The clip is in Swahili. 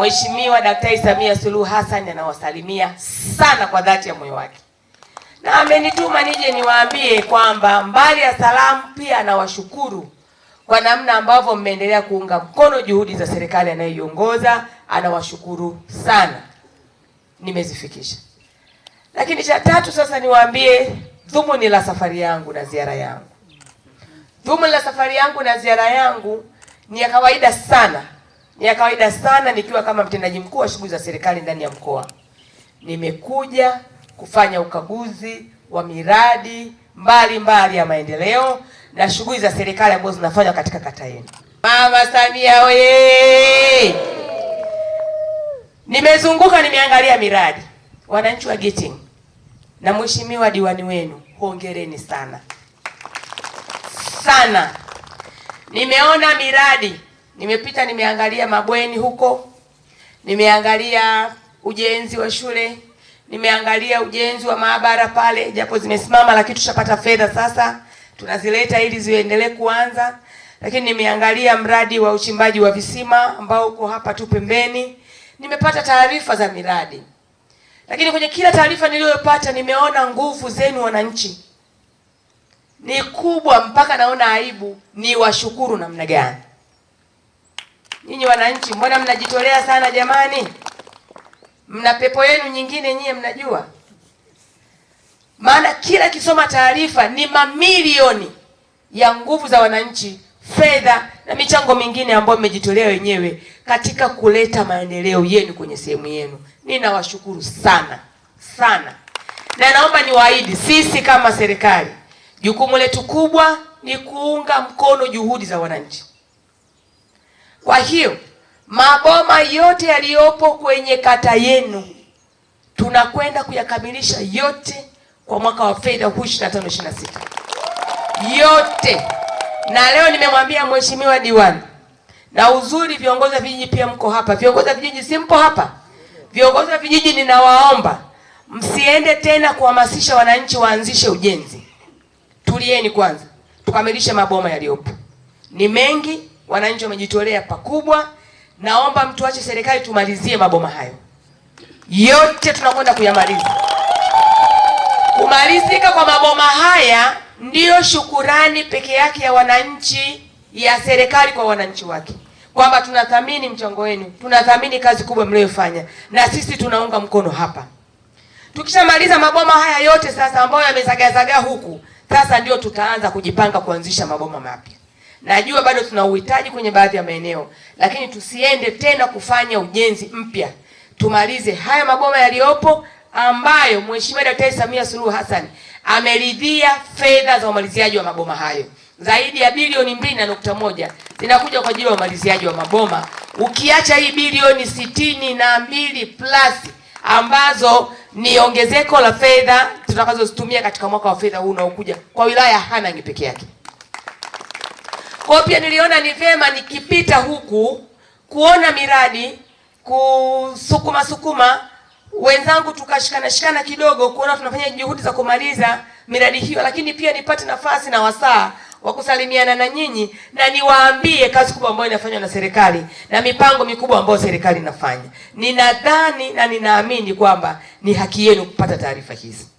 Mheshimiwa Daktari Samia Suluhu Hassan anawasalimia sana kwa dhati ya moyo wake, na amenituma nije niwaambie kwamba mbali ya salamu, pia anawashukuru kwa namna ambavyo mmeendelea kuunga mkono juhudi za serikali anayoiongoza. Anawashukuru sana, nimezifikisha. Lakini cha tatu sasa niwaambie dhumuni la safari yangu na ziara yangu. Dhumuni la safari yangu na ziara yangu ni ya kawaida sana ni ya kawaida sana. Nikiwa kama mtendaji mkuu wa shughuli za serikali ndani ya mkoa, nimekuja kufanya ukaguzi wa miradi mbalimbali mbali ya maendeleo na shughuli za serikali ambazo zinafanywa katika kata yenu. Mama Samia oye! Nimezunguka, nimeangalia miradi. Wananchi wa Geting na mheshimiwa diwani wenu, hongereni sana sana. Nimeona miradi Nimepita nimeangalia mabweni huko, nimeangalia ujenzi wa shule, nimeangalia ujenzi wa maabara pale, japo zimesimama, lakini tushapata fedha sasa, tunazileta ili ziendelee kuanza. Lakini nimeangalia mradi wa uchimbaji wa visima ambao uko hapa tu pembeni. Nimepata taarifa za miradi, lakini kwenye kila taarifa niliyopata nimeona nguvu zenu wananchi ni kubwa, mpaka naona aibu ni washukuru namna gani ninyi wananchi, mbona mnajitolea sana jamani? Mna pepo yenu nyingine nyie, mnajua maana kila kisoma taarifa ni mamilioni ya nguvu za wananchi, fedha na michango mingine ambayo mmejitolea wenyewe katika kuleta maendeleo yenu kwenye sehemu yenu. Ninawashukuru sana sana, na naomba niwaahidi, sisi kama serikali, jukumu letu kubwa ni kuunga mkono juhudi za wananchi. Kwa hiyo maboma yote yaliyopo kwenye kata yenu tunakwenda kuyakamilisha yote kwa mwaka wa fedha huu 25 26 yote. Na leo nimemwambia mheshimiwa diwani, na uzuri viongozi wa vijiji pia mko hapa, viongozi wa vijiji si mpo hapa? Viongozi wa vijiji ninawaomba msiende tena kuhamasisha wananchi waanzishe ujenzi, tulieni kwanza tukamilishe maboma yaliyopo, ni mengi wananchi wamejitolea pakubwa. Naomba mtuache serikali tumalizie maboma hayo yote, tunakwenda kuyamaliza. Kumalizika kwa maboma haya ndiyo shukurani peke yake ya wananchi, ya serikali kwa wananchi wake, kwamba tunathamini mchango wenu, tunathamini kazi kubwa mliyofanya, na sisi tunaunga mkono hapa. Tukishamaliza maboma haya yote sasa ambayo yamezagazaga huku, sasa ndio tutaanza kujipanga kuanzisha maboma mapya. Najua bado tuna uhitaji kwenye baadhi ya maeneo, lakini tusiende tena kufanya ujenzi mpya. Tumalize haya maboma yaliyopo ambayo Mheshimiwa Daktari Samia Suluhu Hassan ameridhia fedha za umaliziaji wa maboma hayo zaidi ya bilioni mbili na nukta moja zinakuja kwa ajili ya umaliziaji wa maboma, ukiacha hii bilioni sitini na mbili plus ambazo ni ongezeko la fedha tutakazozitumia katika mwaka wa fedha huu unaokuja kwa wilaya ya Hanang' peke yake. Kwa pia niliona ni vyema nikipita huku kuona miradi kusukuma sukuma wenzangu tukashikana shikana kidogo kuona tunafanya juhudi za kumaliza miradi hiyo, lakini pia nipate nafasi na wasaa wa kusalimiana na nyinyi na niwaambie kazi kubwa ambayo inafanywa na serikali na mipango mikubwa ambayo serikali inafanya. Ninadhani na ninaamini kwamba ni haki yenu kupata taarifa hizi.